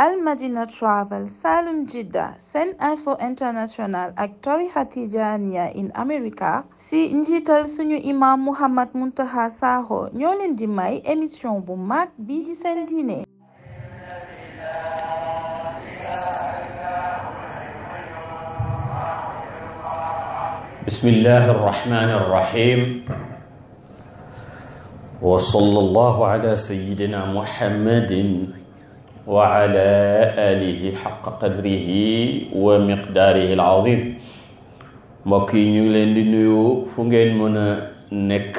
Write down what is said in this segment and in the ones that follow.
al madina travel salum sen info international ak tarixa tijaniya in america si njiital suñu imam muhammad muntaha sakho ñoo leen di bu mag bi di seen wa ala alihi xaqa qadrihi wa miqdaarihi al mbokk yi ñu ngi leen di nuyu fu ngeen mën a nekk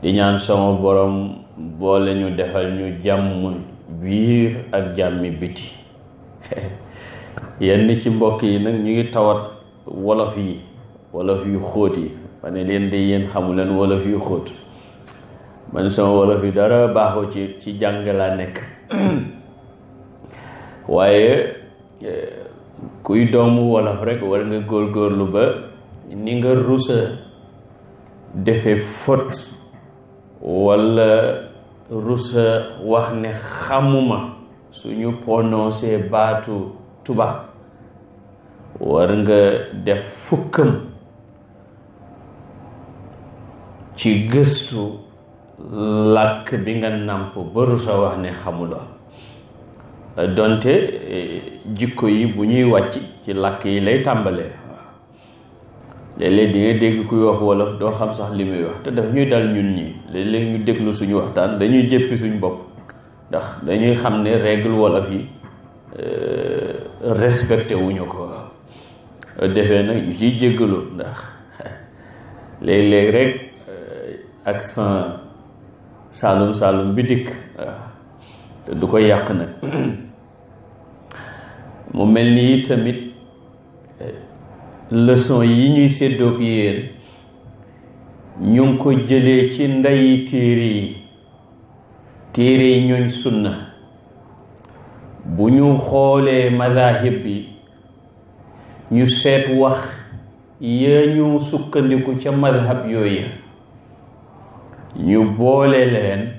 di ñaan sama borom boole ñu defal ñu jàmm biir ak jàmmi biti yenn ci mbokk yi nag ñu ngi tawat wolof yi wolof yu xóot yi ma leen di yéen xamu leen wolof yu xóot man sama wolof yi dara baaxoo ci ci jàng laa nekk waaye eh, kuy doomu wolof rek war nga góorgóorlu ba ni nga rusa defee fot walla rusa wax ne xamuma suñu prononcé baatu tuba war nga def fukkam ci gëstu làkk bi nga nàmp baru sa wax ne xamulo donte eh, jikko yi bu ñuy wàcc ci làkk yi lay tàmbalee waaw léeg-léeg di nga dégg kuy wax wolof doo xam sax li muy wax te daf ñuy dal ñun ñi léeg ñu déglu suñu waxtaan dañuy jéppi suñu bopp ndax dañuy xam ne règle wolof yi eh, respecté wuñu ko defee nag ñu ciy jéggalu ndax léeg-léeg rek eh, accent saalum saalum bi dikk waaw te du ko yàq nag mu mel ni tamit eh, leson yi ñuy séddoog yéen ñu ngi ko jëlee ci ndayi téere yi téere yi ñooñ sunna bu ñu xoolee madahib bi ñu seet wax ya ñu sukkandiku ca madhab yooyu ñu boole leen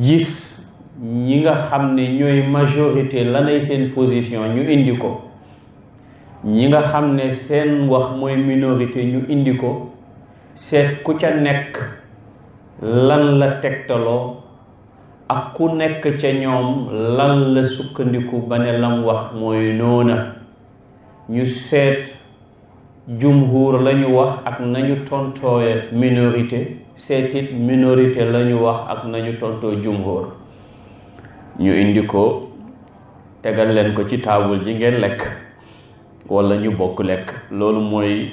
gis ñi nga xam ne ñooy majorité lanay seen position ñu indi ko ñi nga xam ne seen wax mooy minorité ñu indi ko seet ku ca nekk lan la tegtaloo ak ku nekk ca ñoom lan la sukkandiku ba ne lam wax mooy noona ñu seet jumhur la ñu wax ak nañu tontooye minorité seetit minorité la wax ak nañu tontoo jumhur ñu indi ko tegal leen ko ci taabul ji ngeen lekk walla ñu bokk lekk loolu mooy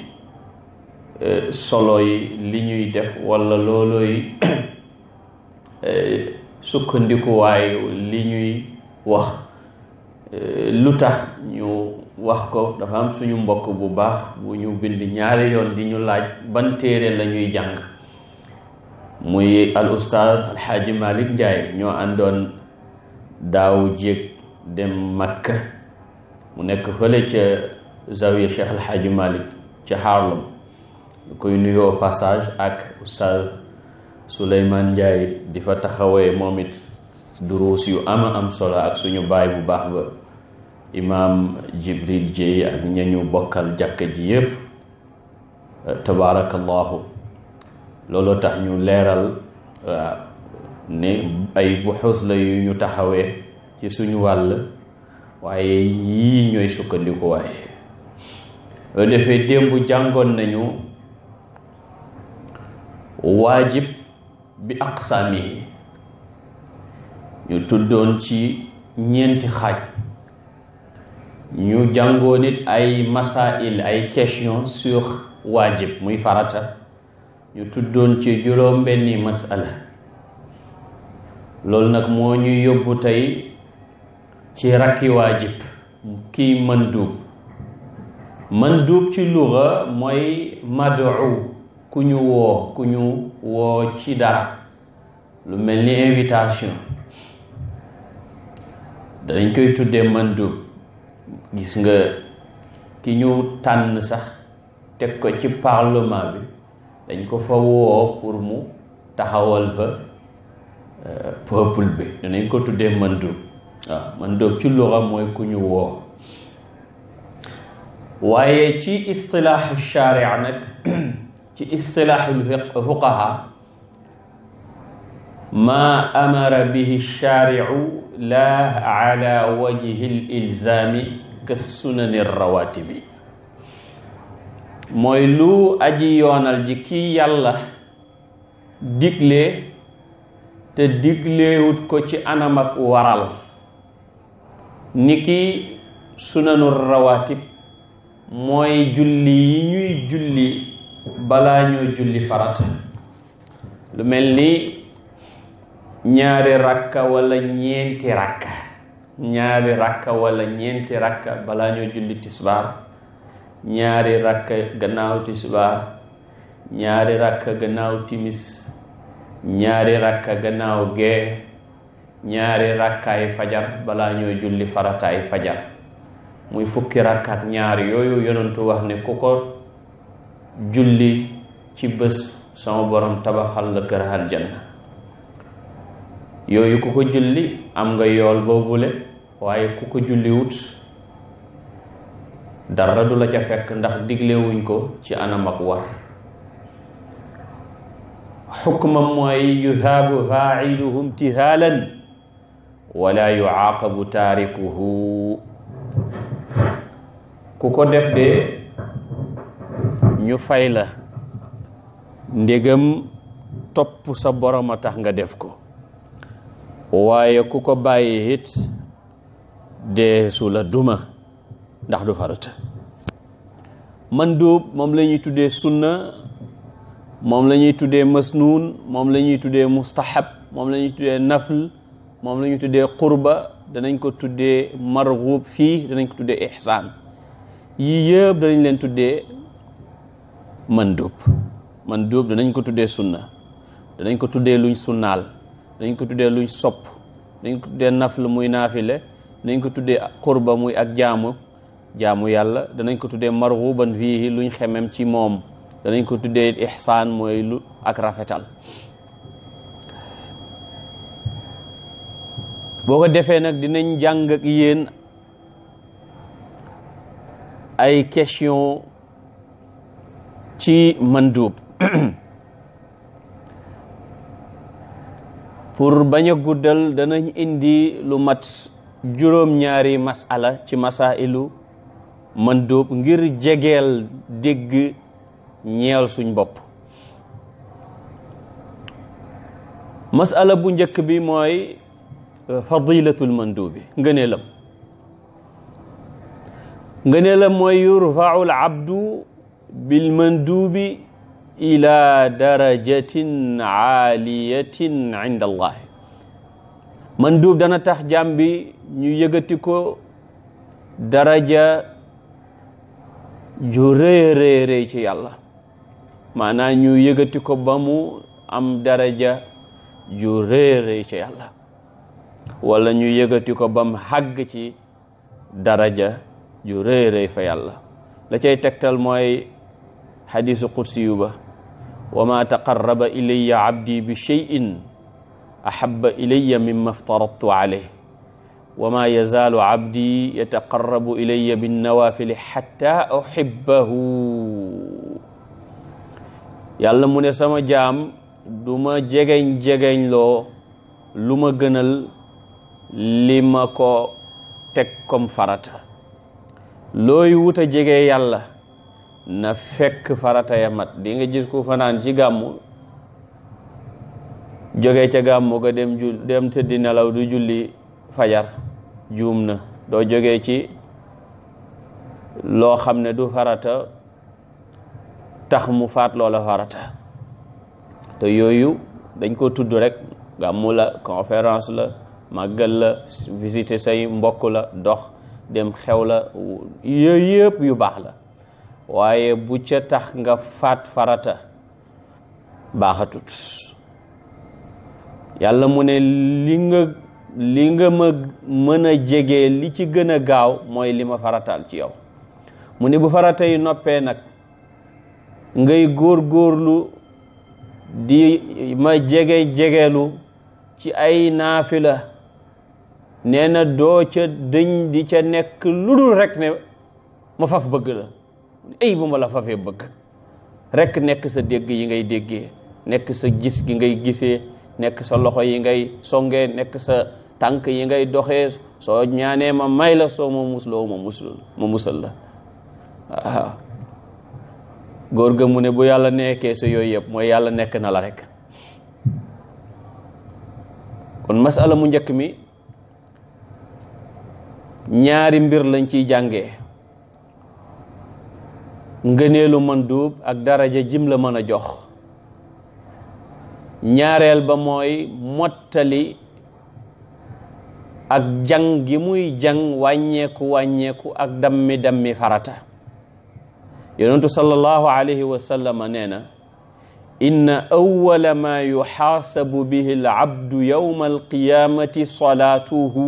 e, solo yi li ñuy def walla loolooy e, sukkandikuwaay li ñuy wax e, lu tax ñu wax ko dafa am suñu mbokk bu baax bu ñu bind ñaari yoon di ñu laaj ban téere lañuy jàng muy al ustaaz alxaaji Malick Ndiaye ñoo àndoon daaw jéeg dem makk mu nekk fële ca zawiya Cheikh alxaaji Malick ca Harlem lu koy nuyoo passage ak ustaaz Souleymane Ndiaye di fa taxawee moom it duruus yu ama am solo ak suñu baay bu baax ba imaam Jibril Jéy ak ñañu bokkal jàkka ji yépp tabaarakallaahu looloo tax ñu leeral ne ay buxuus la yu ñu taxawee ci suñu wàll waaye yii ñooy sukkandiku waaye loo defee démb jàngoon nañu waajib bi aqsaam yi ñu tuddoon ci ñeenti xaaj ñu jàngoo nit ay masail ay question sur waajib muy farata ñu tuddoon ci juróom benni masala loolu nag moo ñu yóbbu tey ci rakki waajib kii mën duub mën duub ci luga mooy madu ku ñu woo ku ñu woo ci dara lu mel ni invitation danañ koy tuddee mën duub gis nga ki ñu tànn sax teg ko ci parlement bi dañ ko fa woo pour mu taxawal fa euh, peuple bi danañ ko tuddee mandóob waaw mandóob ci luxa mooy ku ñu woo waaye ci istilaaxu shaaria nag ci istilaaxu fuqaha maa amara bihi shaariu la ala wajhi l ilzaami ka sunani rawaatibi mooy lu aji yoonal ji kii yàlla digle te digleewut ko ci anam ak waral ni ki sunanu rawaatib mooy julli yi ñuy julli balaa ñoo julli farata lu mel ni ñaari rakka walla ñeenti rakka ñaari rakka wala ñeenti rakka balaa ñoo julli tisbaar ñaari rakka gannaaw tisbaar ñaari rakka gannaaw timis ñaari rakka gannaaw gee ñaari rakkaay fajar balaa ñoo julli farataay fajar muy fukki rakka ñaar yooyu yonentu wax ne ku ko julli ci bés sama boroom tabaxal la kër aljanna yooyu ku ko julli am nga yool boobule waaye ku ko julliwut dara du la ca fekk ndax diglewuñ ko ci anam ak war xukmam mooy yuzaabu faa'iluhu imtihaalan yu yucaaqabu taarikuhu ku ko def de ñu fay la ndegam topp sa borom a tax nga def ko waaye ku ko bàyyi it deesu la duma ndax du farata manduub moom lañuy ñuy tuddee sunna moom la ñuy tuddee masnuun moom la ñuy tuddee mustahab moom lañuy tuddee nafl moom lañuy ñuy tuddee qurba danañ ko tuddee marghub fii danañ ko tuddee ihsaan yii yëpp danañ leen tuddee mandub mandub danañ ko tuddee sunna danañ ko tuddee luñ sunnaal dañ ko tuddee luñ sopp dañ ko tuddee nafl muy naafile dañ ko tuddee xurba muy ak jaamu jaamu yàlla danañ ko tuddee marghuban fiihi luñ xemem ci moom danañ ko tuddee ihsaan mooy lu ak rafetal boo ko defee nag dinañ jàng ak yéen ay question ci mandub pour bañ a guddal danañ indi lu mat juróom-ñaari masala ci masailu man ngir jegeel dégg ñeel suñ bopp masala bu njëkk bi mooy euh, fadilatul manduubi ngëneelam ngëneelam mooy yurfaul abdu bil manduubi ila darajatin aaliyatin inda allah man duub dana tax jàmm bi ñu yëgati ko daraja ju rëy rëy ci yàlla maana ñu yëgati ko ba mu am daraja ju rëy rëy ci yàlla wala ñu yëgati ko bamu mu ci daraja ju rëy rëy fa la cay tegtal mooy xadiisu qudsi yu ba wama taqarraba ilayya abdi bi cheyin ahaba ilayya mimma aftaradtu alayh wama yazaalu abdi yataqarrabu ilayya binnawaafili xatta uhibbahu yàlla mu ne sama jaam du ma jegeñ-jegeñ loo lu ma gënal li ma ko teg comme farata looy wut a jege yàlla na fekk farata ya mat di nga gis ku fanaan ci gàmmu jóge ca gàmmu ga dem ju dem tëddi nelaw du julli fajar juum na doo jóge ci loo xam ne du farata tax mu faat loola farata te yooyu dañ ko tudd rekk gàmmu la conférence la màggal la visité say mbokk la dox dem xew la yooyu yëpp yu baax la waaye bu ca tax nga faat farata baaxatut yàlla mu ne li nga li nga ma mën a jege li ci gën a gaaw mooy li ma farataal ci yow mu ne bu farata noppee nag ngay góor góorlu di ma jege jegelu ci ay naafila nee na doo ca dëñ di ca nekk lu dul rekk ne ma faf bëgg la ay bu ma la fafee bëgg rekk nekk sa dégg yi ngay déggee nekk sa gis gi ngay gisee nekk sa loxo yi ngay songee nekk sa tànk yi ngay doxee soo ñaanee ma may la soo ma musal la góor ga mu ne bu yàlla nekkee sa yooyu yëpp mooy yàlla nekk na la rekk kon masala mu njëkk mi ñaari mbir lañ ciy jàngee ngëneelu mën duub ak daraja jim la mën a jox ñaareel ba mooy mottali ak jàng gi muy jàng wàññeeku wàññeeku ak dammi dammi farata yonentu sallallahu alayhi wa sallama na inna awwala ma yuxaasabu bihi al abdu yawma alqiyamati salaatuhu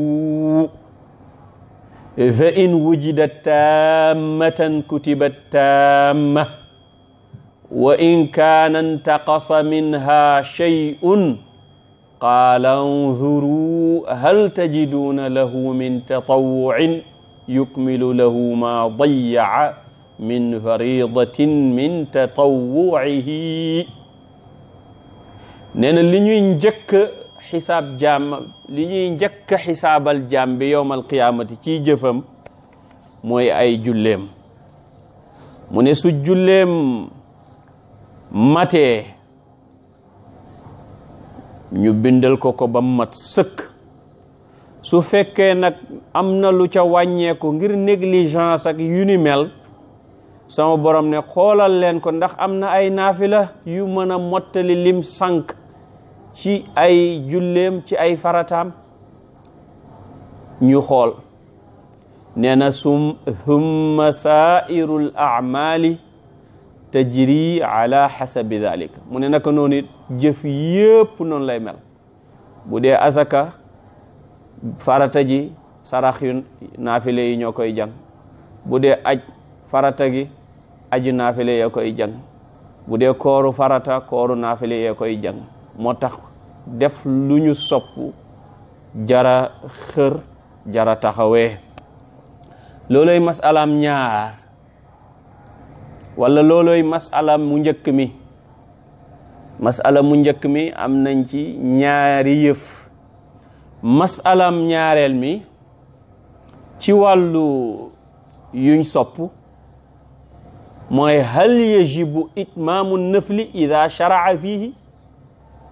fa in wujidat tammatan kutibat tamma wa in kaana intaqasa minha shay'un qaala anzuru hal tajiduuna lahu min tatawucin yukmilu lahu ma dayaca min faridatin min tatawucihi nee na li ñuy njëkk xisaab jaam li ñuy njëkk xisaabal jaam bi yowmal qiyaamati ciy jëfam mooy ay julleem mu ne su julleem matee ñu bindal ko ko ba mat sëkk su fekkee nag am na lu ca wàññeeku ngir négligence ak yu ni mel sama borom ne xoolal leen ko ndax am na ay naafila yu mën a mottali lim sànk ci ay julleem ci ay farataam ñu xool nee na sum humma sairul amali tajri ala xasabi dalik mu ne naka noonu it jëf yépp noonu lay mel bu dee asaka farata ji sarax yu naafile yi ñoo koy jang bu dee aj farata gi aju naafile yee koy jàng bu dee kooru farata kooru naafile yee koy jàng moo tax def lu ñu sopp jara xër jara taxawe looloy masalaam ñaar wala looloy masala mu njëkk mi masala mu njëkk mi am nañ ci ñaari yëf masalaam ñaareel mi ci wàllu yuñ sopp mooy hal yajibu itmaamu nafli ida shara'a fihi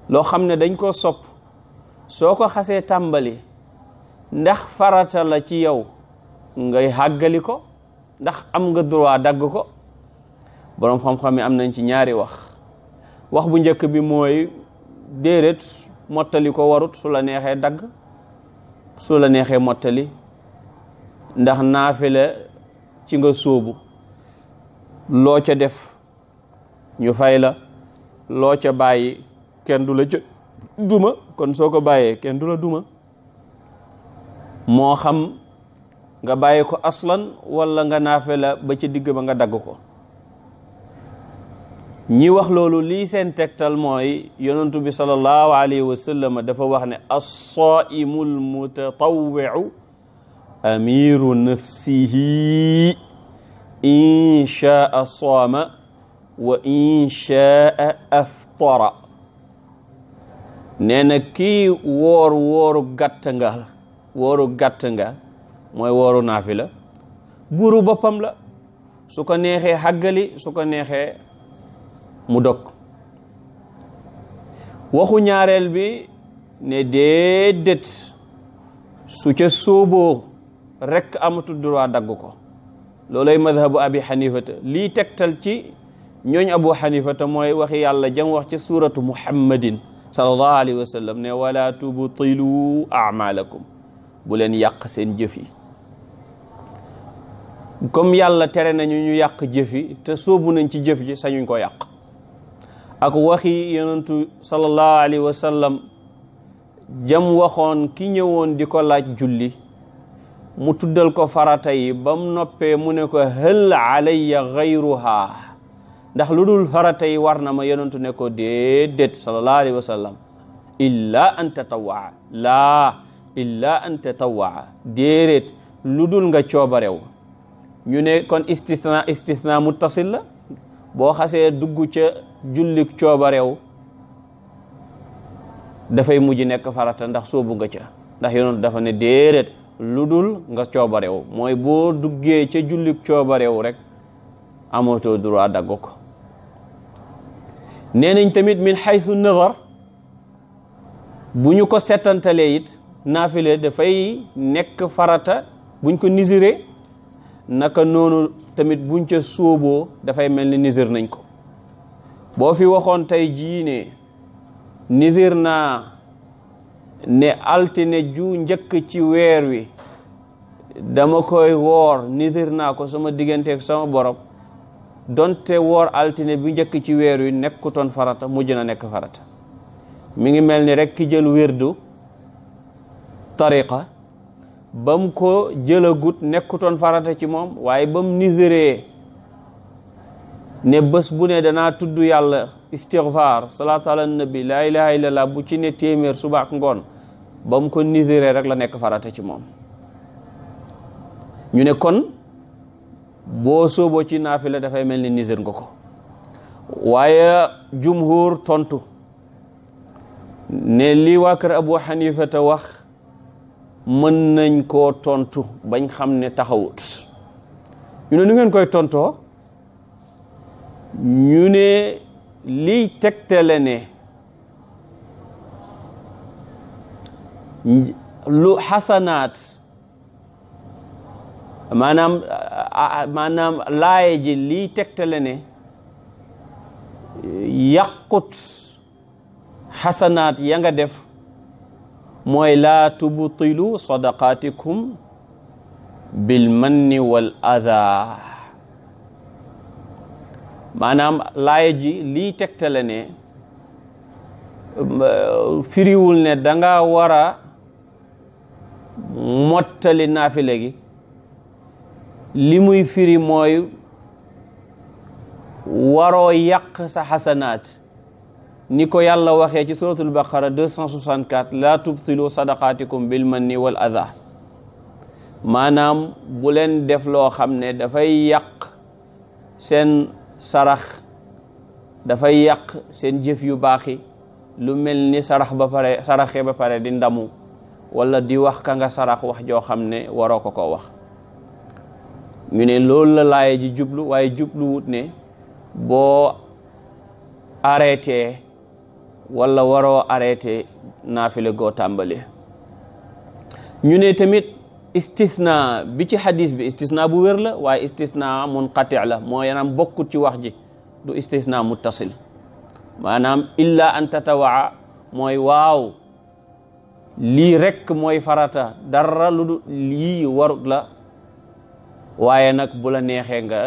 loo xam ne dañ koo sopp soo ko xasee tàmbali ndax farata la ci yow ngay xàggali ko ndax am nga droit dagg ko boroom xam-xam yi am nañ ci ñaari wax wax bu njëkk bi mooy déedéet mottali ko warut su la neexee dagg su la neexee mottali ndax naafila ci nga sóobu loo ca def ñu fay la loo ca bàyyi kenn du la duma kon soo ko bàyyee kenn du la duma moo xam nga bàyyi ko aslan walla nga naafe la ba ca digg ba nga dagg ko ñi wax loolu lii seen tegtal mooy yonentu bi sallallahu alayhi wa sallam dafa wax ne as-saa'imu al-mutatawwi'u amiru nafsihi in sha'a saama wa in sha'a aftara nee na kii woor wooru gàtt nga wooru gàtt nga mooy wooru naafi la buuru boppam la su ko neexee xàggali su ko neexee mu dog waxu ñaareel bi ne déedéet su ca sóoboo rekk amatul droit dagg ko loolay madhabu abi xanifata lii tegtal ci ñooñ abu xanifata mooy waxi yàlla jam wax ci suuratu muhammadin sallallahu alayhi wa sallam ne wala tubtilu amalakum bu leen yàq seen jëf yi comme yàlla tere nañu ñu yàq jëf yi te sóobu nañ ci jëf ji sañuñ ko yàq ak waxi yonentu sallallahu alayhi wa jam waxoon ki ñëwoon di ko laaj julli mu tuddal ko faratay yi bam noppee mu ne ko hal alayya gayruha ndax lu dul farata yi war na ma yonentu ne ko déedéet sallallahu alayhi wa sallam illa an tatawaa laa illa an tatawaa déedéet lu dul nga coobarew ñu ne kon istisna istisna muttasil la boo xasee dugg ca jullik coobarew dafay mujj nekk farata ndax soobu nga ca ndax yonentu dafa ne déedéet lu dul nga coobarew mooy boo duggee ca jullik coobarew rek amatoo droit dagg nee nañ tamit min xaytu nazar bu ñu ko settantalee it naafile dafay nekk farata buñ ko nisiree naka noonu tamit buñ ca sóoboo dafay mel na nisir nañ ko boo fi waxoon tey jii ne nisir naa ne altine ju njëkk ci weer wi dama koy woor nisir naa ko sama digganteeg sama borom donte woor altine bi njëkk ci weer wi nekkutoon farata mujj na nekk farata mi ngi mel ni rek ki jël wirdu tariqa ba mu ko jëlagut nekkutoon farata ci moom waaye bam mu niséree ne bés bu ne danaa tudd yàlla istighfar salaatu ala nabi laa ilaha illallah bu ci ne téeméer suba ngoon bam ko niséree rek la nekk farata ci moom ñu ne kon boo sooboo ci naafila dafay mel ni nisér nga ko waaye jumhur tontu ne li waa kër Abu Hanifa te wax mën nañ koo tontu bañ xam ne taxawut ñu ne nu koy tontoo ñu ne liy tegtale ne lu xasanaat maanaam maanaam laaye ji liy tegtale ne yàqut xasanaat ya nga def mooy laa tubtilu sadaqaatikum bi manni wal adaa maanaam laaya ji lii tegtale ne firiwul ne danga war a mottali naafile gi li muy firi mooy waroo yàq sa xasanaat ni ko yàlla waxee ci suratul baqara 264 laa tubtilu sadaqaatikum bil manni wal adha maanaam bu leen def loo xam ne dafay yàq seen sarax dafay yàq seen jëf yu baaxi lu mel ni sarax ba pare saraxe di ndamu walla di wax ka nga sarax wax joo xam ne waroo ko ko wax ñu ne loolu la laaya ji jublu waaye jublu wut ne boo arrêté wala waroo arrêté naafile goo tàmbale ñu ne tamit istisna bi ci xadis bi istisna bu wér la waaye istisna munqati la moo yanaam bokkut ci wax ji du istisna muttasil maanaam illa an tatawaa mooy waaw lii rekk mooy farata dara lu lii warut la waaye nag bu la neexee nga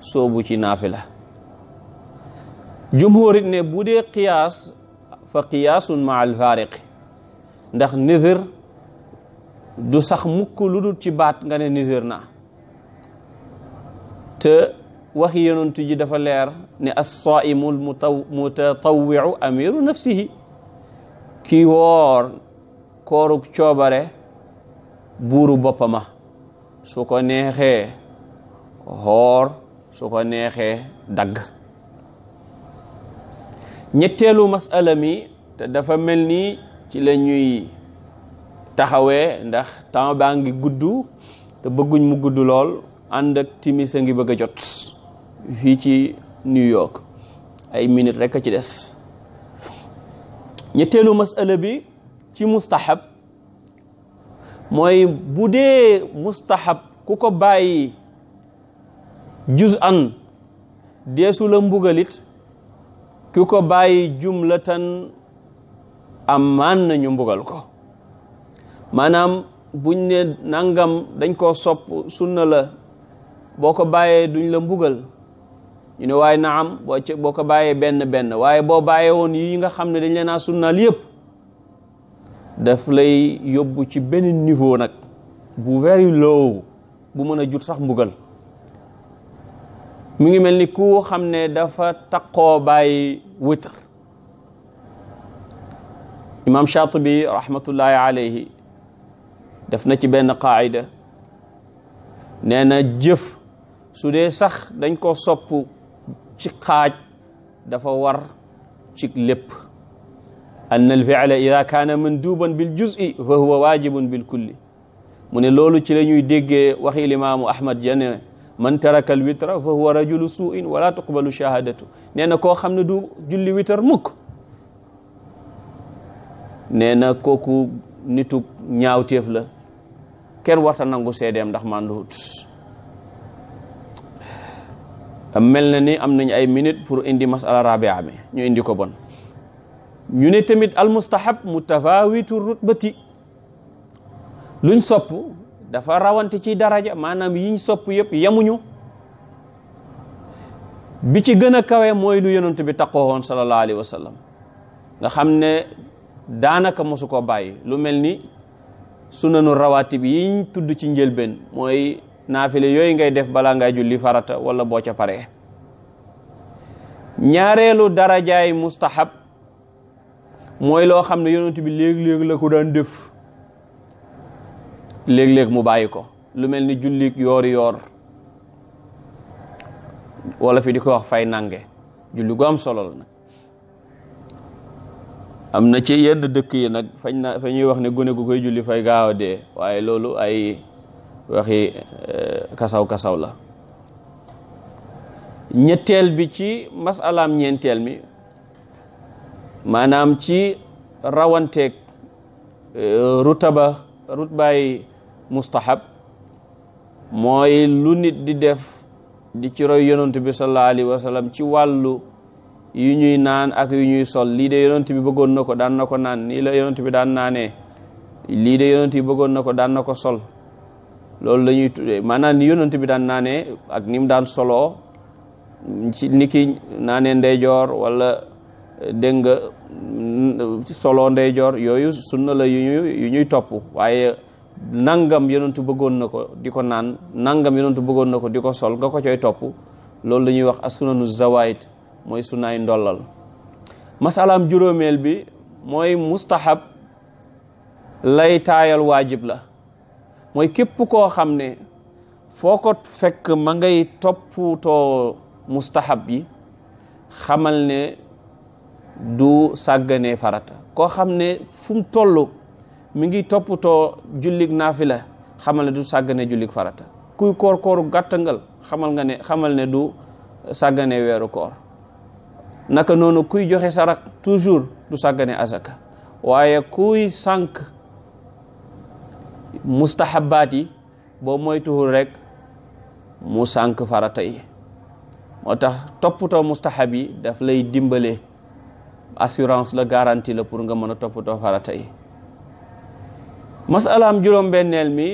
soobu ci naafila jumhuur it ne bu dee qiyaas fa qiyaasun ma al ndax nizir du sax mukk lu dul ci baat nga ne nizir na te waxi yonent ji dafa leer ne as-saa'imu al-mutatawwi'u amiru nafsihi kii woor kooruk coobare buuru boppama su ko neexee xoor su ko neexee dagg ñetteelu masala mi te dafa mel ni ci la ñuy taxawee ndax temps baa ngi gudd te bëgguñ mu gudd lool ànd ak timis a ngi bëgg a jot fii ci New York ay minute rekk a ci des ñetteelu masala bi ci mustahab mooy bu dee mustahab ku ko bàyyi juz an deesu la mbugalit ku ko bàyyi jum la jumlatan amaan nañu mbugal ko maanaam buñ ne nangam dañ koo sopp sunna la boo ko bàyyee duñ la mbugal ñu ne waaye naam boo boo ko bàyyee benn benn waaye boo bàyyee woon yi nga xam ne dañ leen naa sunnaal yëpp daf lay yóbbu ci benn niveau nag bu very low bu mën a jur sax mbugal mu ngi mel ni ku xam ne dafa taqoo bàyyi witr imam Shaatibi rahmatullahi alayhi def na ci benn qaayida nee na jëf su dee sax dañ ko sopp ci xaaj dafa war ci lépp anna alfiala ida kaana manduban bil juz'i fa huwa waajibun bil kulli mu ne loolu ci la ñuy déggee waxi limaamu ahmad jane man taraka al witra fa huwa rajulu suu'in wala tuqbalu shahadatu nee na koo xam ne du julli witar mukk na kooku nitu ñaawteef la kenn warta nangu seedeem ndax mànduwut mel na ni am nañ ay minute pour indi masala rabia mi ñu indi ko bon ñu ne tamit almustahab mutafawitu rutbati luñ sopp dafa rawante ci daraja maanaam yiñ sopp yëpp yamuñu bi ci gën a kawe mooy lu yonent bi takkoo woon alayhi wa sallam nga xam ne daanaka mosu ko bàyyi lu mel ni su sunanu rawaatib yiñ tudd ci njëlbeen mooy naafile yooyu ngay def balaa ngay julli farata wala boo ca pare ñaareelu darajaay mustahab mooy loo xam ne yonent bi léeg la ko daan def léeg-léeg mu bàyyi ko lu mel ni jullik yoori yoor wala fi di ko wax fay nange julli gu am solo la nag am na ci yenn dëkk yi nag fañ fa ñuy wax ne gune gu koy julli fay gaaw a dee waaye loolu ay waxi kasaw-kasaw eh, la ñetteel bi ci masalaam ñeenteel mi maanaam ci rawanteeg euh, rutaba rutbaay mustahab mooy lu nit di def di ci roy bi sallallahu alayhi wa sallam ci wàllu yu ñuy naan ak yu ñuy sol lii de yonent bi bëggoon na ko daan na ko naan nii bi daan naanee lii de yonent bi bëggoon na ko daan na ko sol loolu la ñuy tuddee maanaam ni yonent bi daan naanee ak ni mu daan soloo ci niki naanee ndeyjoor wala dégg nga solo ndeyjoor yooyu sunna la yu ñuy topp waaye nangam yonentu bëggoon na ko di ko naan nangam yonentu bëggoon na ko di ko sol nga ko coy topp loolu la ñuy wax asunanu zawaid mooy sunaay ndollal masalaam juróomeel bi mooy mustahab lay taayal waajib la mooy képp koo xam ne foo ko fekk ma ngay topputoo mustahab yi xamal ne du sàggane farata koo xam ne fu mu toll mu ngi toppatoo jullig naafila xamal ne du sàgganee jullig farata kuy koor kooru gàttangal xamal nga ne xamal ne du sàggane weeru koor naka noonu kuy joxe sarak toujours du sàggane azaka waaye kuy sànk mustahabaat yi boo moytuwul rek mu sànk farata yi moo tax toppatoo mustahab yi daf lay dimbale assurance la garantie la pour nga mën a toppatoo farata yi masalaam juróom-benneel mi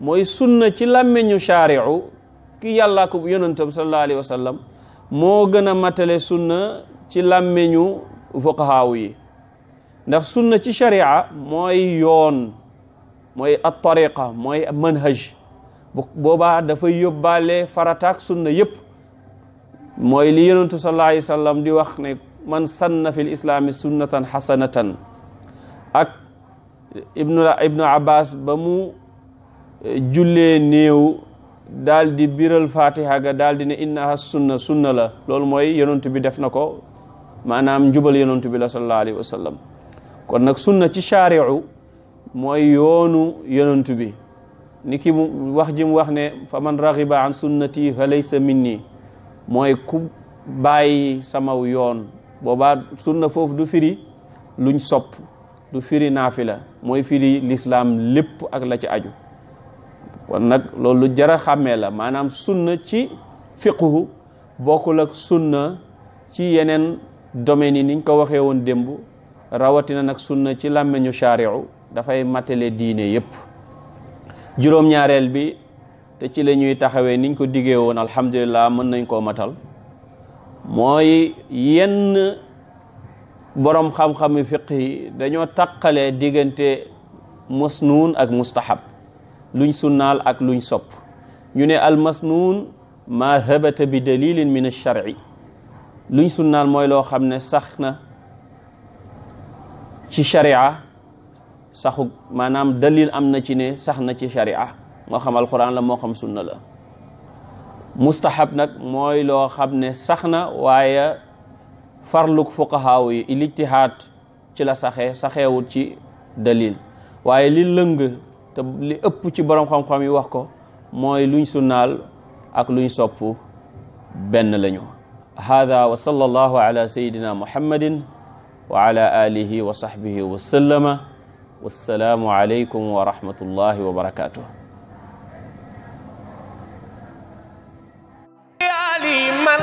mooy sunna ci làmmiñu shaari'u ki yàllaa ko yonantam sallallahu alayhi moo gën a matale sunna ci làmmiñu fuqahaaw yi ndax sunna ci sharia mooy yoon mooy at tariqa mooy manhaj bu boobaa dafay yóbbaale farataak sunna yëpp mooy li yonantu sallallahu di wax ne man sanna fi lislaami sunnatan xasanatan ak ibnu ibnu ba mu eh, jullee néew daal biral fatiha ga daal di ne innaha sunna sunna la loolu mooy yonent bi def na ko maanaam njubal yonent bi la sallallahu alayhi wa kon nag sunna ci shari'u mooy yoonu yonent bi ni ki wax ji wax ne fa man raxiba an sunnati fa laysa minni mooy ku bàyyi samaw yoon boobaa sunna foofu du firi luñ sopp du firi naafila mooy firi lislaam lépp ak la ci aju kon nag loolu lu jar a xàmmee la maanaam sunna ci fiqhu bokkul ak sunna ci yeneen domaines yi niñ ko waxee woon démb rawatina nag sunna ci làmmeñu shari'u dafay matale diine yépp juróom-ñaareel bi te ci la ñuy taxawee niñ ko diggee woon alhamdulilah mën nañ koo matal mooy yenn boroom xam-xami fiq yi dañoo taqale diggante masnuun ak mustahab luñ sunnaal ak luñ sopp ñu ne al masnuun maa habata bi dalilin min alcharci luñ sunnaal mooy loo xam ne sax na ci charia saxu maanaam dalil am na ci ne sax na ci charia moo xam alquran la moo xam sunna la mustahab nag mooy loo xam ne sax na waaye farluk fuqahaaw yi lijtihaad ci la saxe saxeewut ci dalil waaye li lëng te ëpp ci borom xam-xam yi wax ko mooy luñ naal ak luñ sopp benn lañu hada wa sallallahu ala sayidina muhammadin wa ala alihi wa wa sallama alaykum wa rahmatullahi